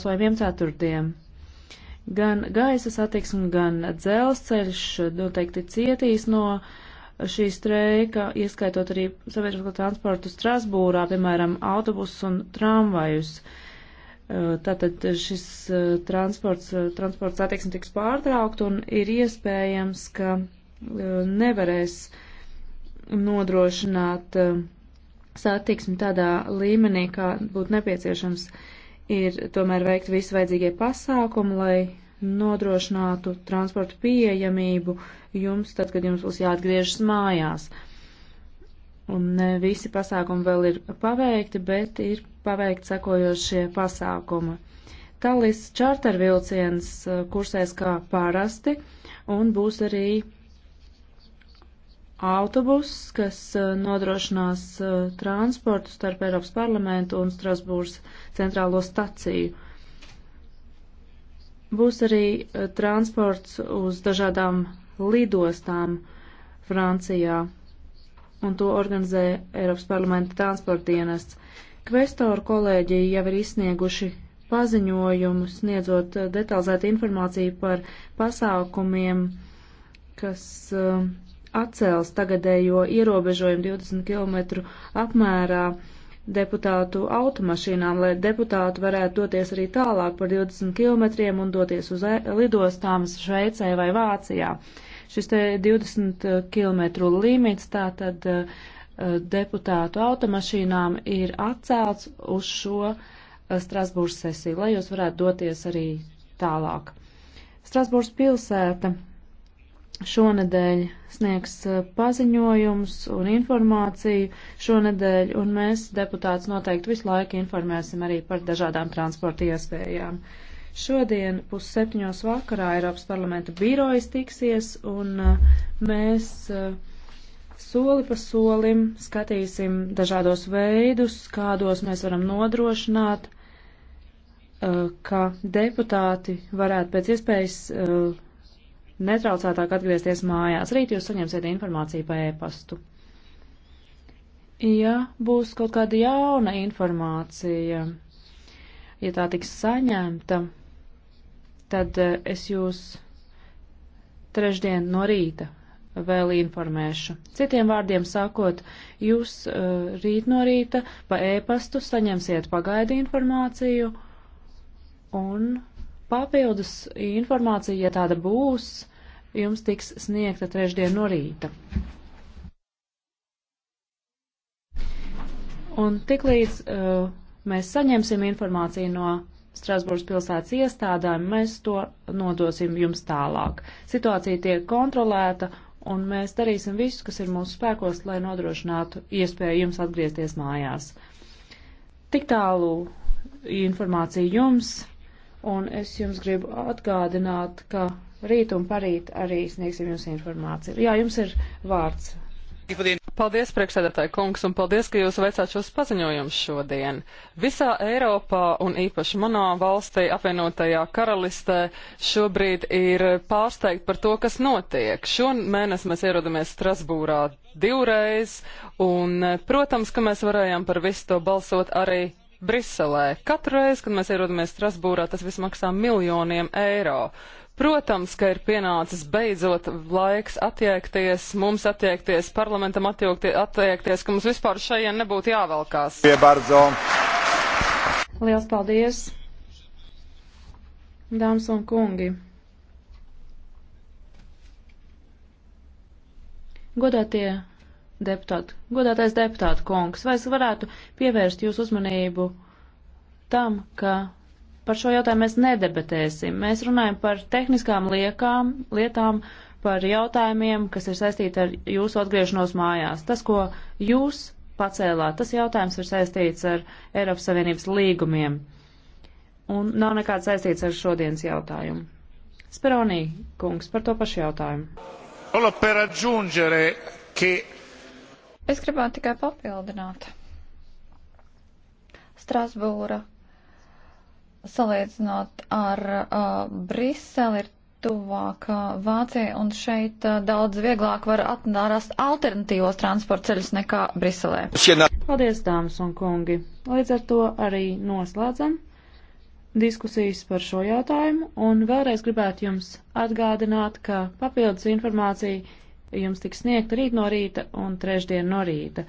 balsojumiem ceturtdien. Gan gaisa satiksme, gan dzelzceļš noteikti cietīs no šī streika, ieskaitot arī sabiedrisko transportu Strasbūrā, piemēram, autobusus un tramvajus. Uh, tātad šis uh, transports, uh, transports attieksme tiks pārtraukt un ir iespējams, ka nevarēs nodrošināt satiksmi tādā līmenī, kā būtu nepieciešams. Uh, ir tomēr veikt visi vajadzīgie pasākumi, lai nodrošinātu transportu pieejamību jums, tad, kad jums būs jāatgriežas mājās. Un ne visi pasākumi vēl ir paveikti, bet ir paveikti sekojošie pasākumi. Talis čartervilciens eh, kursēs kā parasti un būs arī autobuss, kas uh, nodrošinās uh, transportu starp Eiropas parlamentu un Strasbūras centrālo staciju. Būs arī uh, transports uz dažādām lidostām Francijā, un to organizē Eiropas parlamenta transporta dienests. Kvestoru kolēģi jau ir izsnieguši paziņojumu, sniedzot detalizētu informāciju par pasākumiem, kas uh, atcēls tagadējo ierobežojumu 20 km apmērā deputātu automašīnām, lai deputāti varētu doties arī tālāk par 20 km un doties uz e- lidostām Šveicē vai Vācijā. Šis te 20 eh, km limits tātad eh, deputātu automašīnām ir atcelts uz šo eh, Strasbūras sesiju, lai jūs varētu doties arī tālāk. Strasbūras pilsēta šonadēļ sniegs uh, paziņojums un informāciju šonadēļ, un mēs deputāts noteikti visu laiku informēsim arī par dažādām transporta iespējām. Šodien pusseptiņos vakarā Eiropas parlamenta birojas tiksies, un uh, mēs uh, soli pa solim skatīsim dažādos veidus, kādos mēs varam nodrošināt, ka deputāti varētu pēc iespējas netraucētāk atgriezties mājās. Rīt jūs saņemsiet informāciju pa e-pastu. Ja būs kaut kāda jauna informācija, ja tā tiks saņemta, tad eh, es jūs trešdien no rīta vēl informēšu. Citiem vārdiem sakot, jūs uh, rīt no rīta pa e-pastu saņemsiet pagaidu informāciju un Papildus informācija, ja tāda būs, jums tiks sniegta trešdien no rīta. Un tiklīdz uh, mēs saņemsim informāciju no Strasbūras pilsētas iestādēm, mēs to nodosim jums tālāk. Situācija tiek kontrolēta, un mēs darīsim visu, kas ir mūsu spēkos, lai nodrošinātu iespēju jums atgriezties mājās. Tik tālu informācija jums un es jums gribu atgādināt, ka rīt un parīt arī sniegsim jums informāciju. Jā, jums ir vārds. Paldies, priekšsēdētāji kungs, un paldies, ka jūs veicāt šos paziņojumus šodien. Visā Eiropā un īpaši manā valstī, apvienotajā karalistē, šobrīd ir pārsteigti par to, kas notiek. Šomēnes mēs ierodamies Strasbūrā divreiz, un, protams, ka mēs varējām par visu to balsot arī Briselē. Katru reizi, kad mēs ierodamies Strasbūrā, tas viss maksā miljoniem eiro. Protams, ka ir pienācis beidzot laiks attiekties, mums attiekties, parlamentam attiekties, ka mums vispār šajien nebūtu jāvelkās. Liels paldies, dāmas un kungi. Godātie deputāti, godātais deputāta kungs, vai es varētu pievērst jūsu uzmanību tam, ka par šo jautājumu mēs nedebetēsim. Mēs runājam par tehniskām liekām, lietām, par jautājumiem, kas ir saistīti ar jūsu atgriešanos mājās. Tas, ko jūs pacēlāt. Tas jautājums ir saistīts ar Eiropas Savienības līgumiem un nav nekāds saistīts ar šodienas jautājumu. Speronī, kungs, par to pašu jautājumu. Solo per aggiungere che Es gribētu tikai papildināt. Strasbūra salīdzinot ar uh, Briseli ir tuvāk uh, Vācijai, un šeit uh, daudz vieglāk var atrast alternatīvos transporta ceļus nekā Briselē. Paldies, dāmas un kungi! Līdz ar to arī noslēdzam diskusijas par šo jautājumu, un vēlreiz gribētu jums atgādināt, ka papildus informācija jums tiks sniegta rīt no rīta un trešdien no rīta.